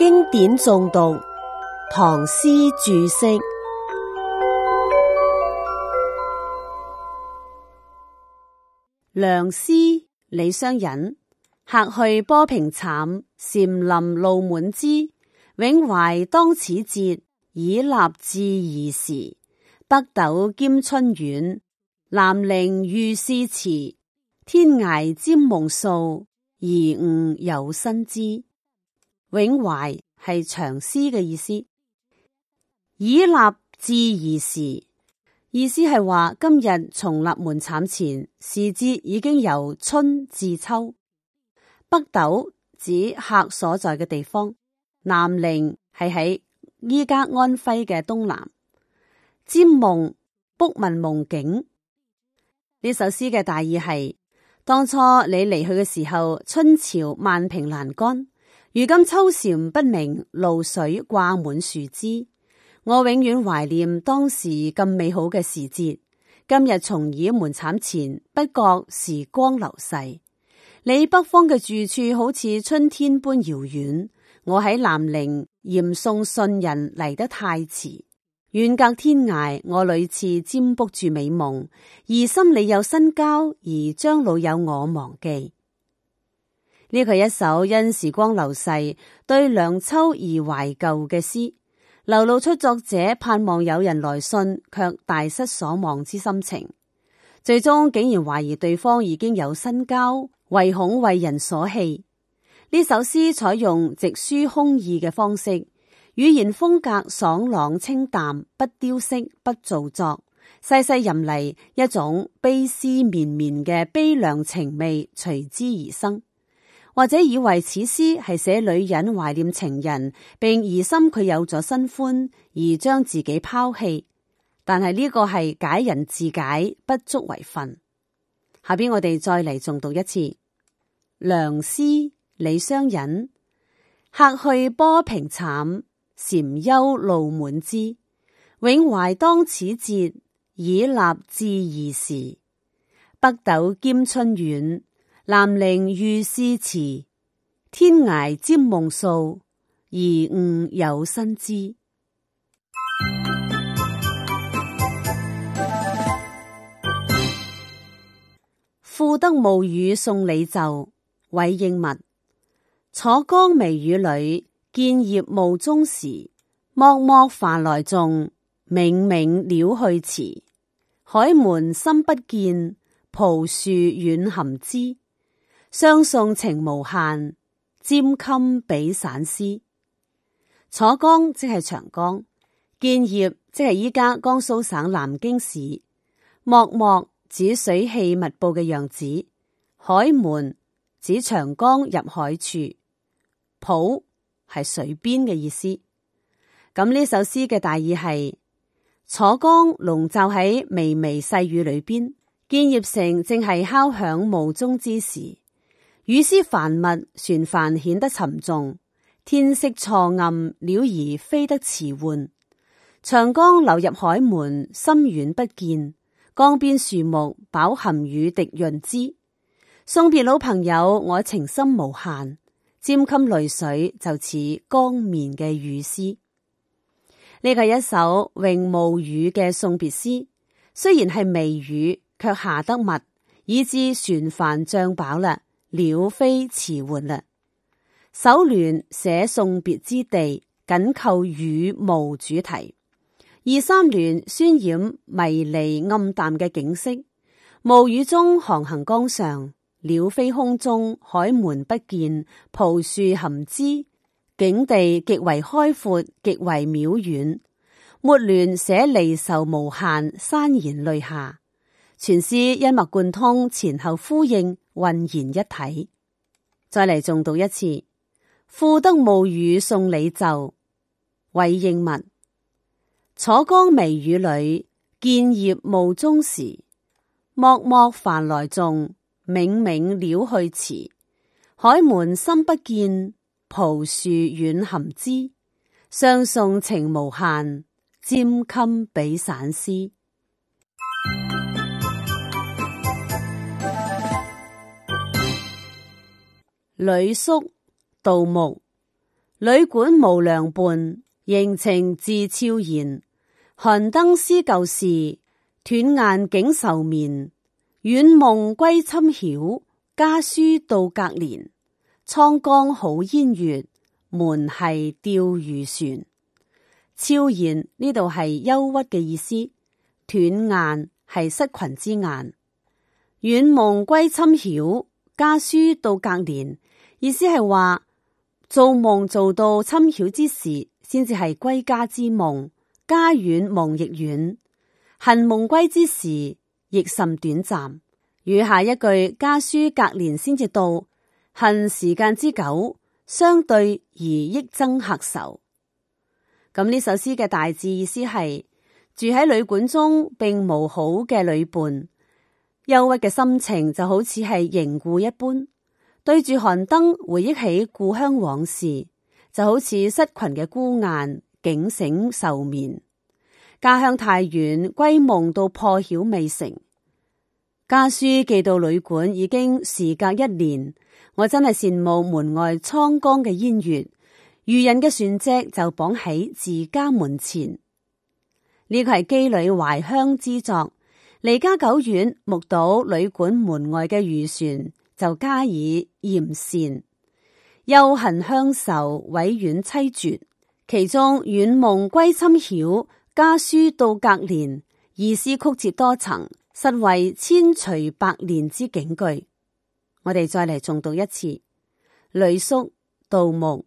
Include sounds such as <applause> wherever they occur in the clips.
經典誦讀，唐詩注釋。涼思李商隱，客去波平慘，蟬林露滿枝。永懷當此節，以立志二時。北斗兼春遠，南陵遇詩遲。天涯占夢數，疑誤有新知。永懷係長思嘅意思，以立志而時意思係話，今日從立門產前時節已經由春至秋。北斗指客所在嘅地方，南陵係喺依家安徽嘅東南。占夢卜問夢境，呢首詩嘅大意係當初你離去嘅時候，春潮萬平欄杆。如今秋蟬不鳴，露水掛滿樹枝。我永遠懷念當時咁美好嘅時節。今日從倚門慘前，不覺時光流逝。你北方嘅住處好似春天般遙遠。我喺南陵嚴送信人嚟得太遲，遠隔天涯，我屢次占卜住美夢，疑心你有新交而將老友我忘記。呢係一首因時光流逝對涼秋而懷舊嘅詩，流露出作者盼望有人來信，卻大失所望之心情。最終竟然懷疑對方已經有新交，唯恐為人所棄。呢首詩採用直抒胸臆嘅方式，語言風格爽朗清淡，不雕飾，不做作，細細吟嚟，一種悲思綿綿嘅悲涼情味隨之而生。或者以為此詩係寫女人懷念情人，並疑心佢有咗新歡而將自己拋棄，但係呢個係解人自解，不足為訓。下邊我哋再嚟重讀一次：涼思，李商隱，客去波平慘，蟬休露滿枝。永懷當此節，倚立自移時。北斗兼春遠。南陵寓使遲，天涯占夢數，疑誤有新知。 <music> 賦得暮雨送李胄，韋應物。楚江微雨裏，建業暮鐘時。漠漠帆來重，冥冥鳥去遲。海門深不見，浦樹遠含滋。相送情無限，沾襟比散絲。楚江即係長江，建業即係依家江蘇省南京市。漠漠指水汽密布嘅樣子，海門指長江入海處，浦係水邊嘅意思。咁呢首詩嘅大意係：楚江籠罩喺微微細雨裏邊，建業城正係敲響暮鐘之時。雨絲繁密，船帆顯得沉重。天色錯暗，鳥兒飛得遲緩。長江流入海門，深遠不見。江邊樹木飽含雨滴潤枝。送別老朋友，我情深無限，沾襟淚水就似江面嘅雨絲。呢個係一首詠暮雨嘅送別詩，雖然係微雨，卻下得密，以至船帆脹飽啦。鳥飛遲緩啦，了了首聯寫送別之地，緊扣雨霧主題；二三聯渲染迷離暗淡嘅景色，霧雨中航行江上，鳥飛空中，海門不見，蒲樹含枝，景地極為開闊，極為渺遠。末聯寫離愁無限，潸然淚下。全詩一脈貫通，前後呼應，渾然一體。再嚟重讀一次：“賦得暮雨送李曹，韋應物。楚江微雨裏，建業暮鐘時。漠漠帆來重，冥冥鳥去遲。海門深不見，蒲樹遠含枝。相送情無限，沾襟比散絲。旅宿杜牧，旅館無良伴，形情自悄然。寒燈思舊事，斷雁警愁眠。遠夢歸侵曉，家書到隔年。滄江好煙月，門繫釣魚船。悄然呢度係憂鬱嘅意思，斷雁係失群之雁，遠夢歸侵曉，家書到隔年。意思係話，做夢做到侵曉之時，先至係歸家之夢；家遠夢亦遠，恨夢歸之時亦甚短暫。與下一句家書隔年先至到，恨時間之久，相對而益增客愁。咁呢首詩嘅大致意思係，住喺旅館中並無好嘅旅伴，憂鬱嘅心情就好似係凝固一般。對住寒燈，回憶起故鄉往事，就好似失群嘅孤雁，警醒愁眠。家鄉太遠，歸夢到破曉未成。家書寄到旅館，已經時隔一年。我真係羨慕門外滄江嘅煙月，漁人嘅船隻就綁喺自家門前。呢個係羈旅懷鄉之作，離家久遠，目睹旅館門外嘅漁船。就加以嚴善，又恨鄉愁，委婉淒絕。其中遠夢歸侵曉，家書到隔年，意思曲折多層，實為千錘百煉之警句。我哋再嚟重讀一次：叔道，旅宿，杜牧，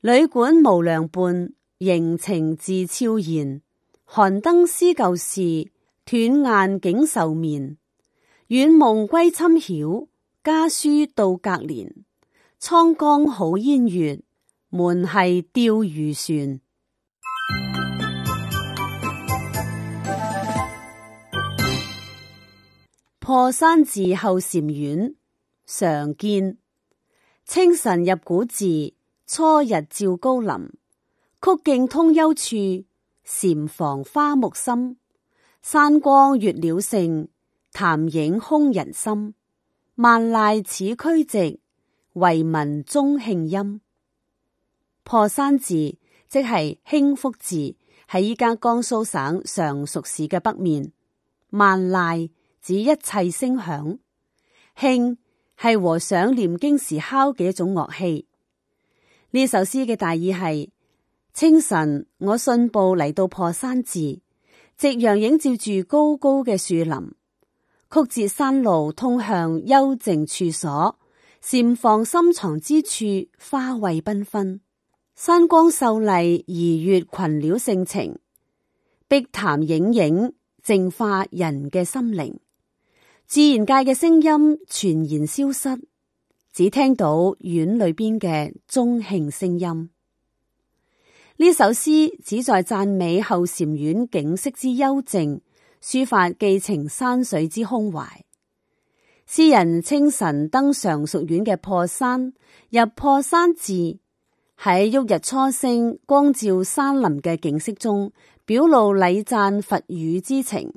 旅館無良伴，凝情自悄然。寒燈思舊事，斷雁警愁眠。遠夢歸侵曉。家書到隔年，滄江好煙月。門繫釣魚船，破山寺後禪院。常建。清晨入古寺，初日照高林。曲徑通幽處，禪房花木深。山光悅鳥性，潭影空人心。萬籟此俱寂，惟聞鐘磬音。破山寺即係興福寺，喺依家江蘇省常熟市嘅北面。萬籟指一切聲響，磬係和尚念經時敲嘅一種樂器。呢首詩嘅大意係：清晨我信步嚟到破山寺，夕陽映照住高高嘅樹林。曲折山路通向幽靜處所，綻放深藏之處花卉繽紛，紛，山光秀麗，怡悅群鳥性情，碧潭影影淨化人嘅心靈，自然界嘅聲音全然消失，只聽到院裏邊嘅鐘磬聲音。呢首詩旨在贊美後禪院景色之幽靜。抒發寄情山水之胸懷，詩人清晨登上屬院嘅破山，入破山寺，喺旭日初升、光照山林嘅景色中，表露禮讚佛語之情。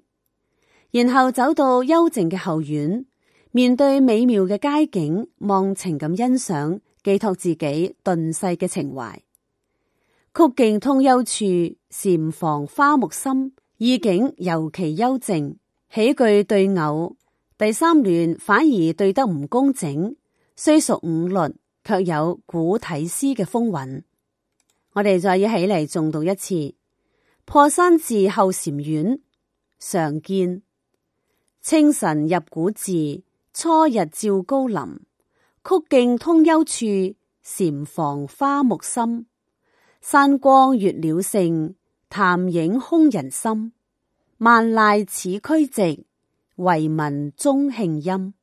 然後走到幽靜嘅後院，面對美妙嘅街景，忘情咁欣賞，寄託自己遁世嘅情懷。曲徑通幽處，禪房花木深。意境尤其幽靜，喜劇對偶，第三聯反而對得唔工整，雖屬五律，卻有古體詩嘅風韻。我哋再一起嚟誦讀一次：破山寺後禪院，常建清晨入古寺，初日照高林，曲徑通幽處，禪房花木深，山光悅鳥性。潭影空人心，萬籟此俱寂，惟聞鐘磬音。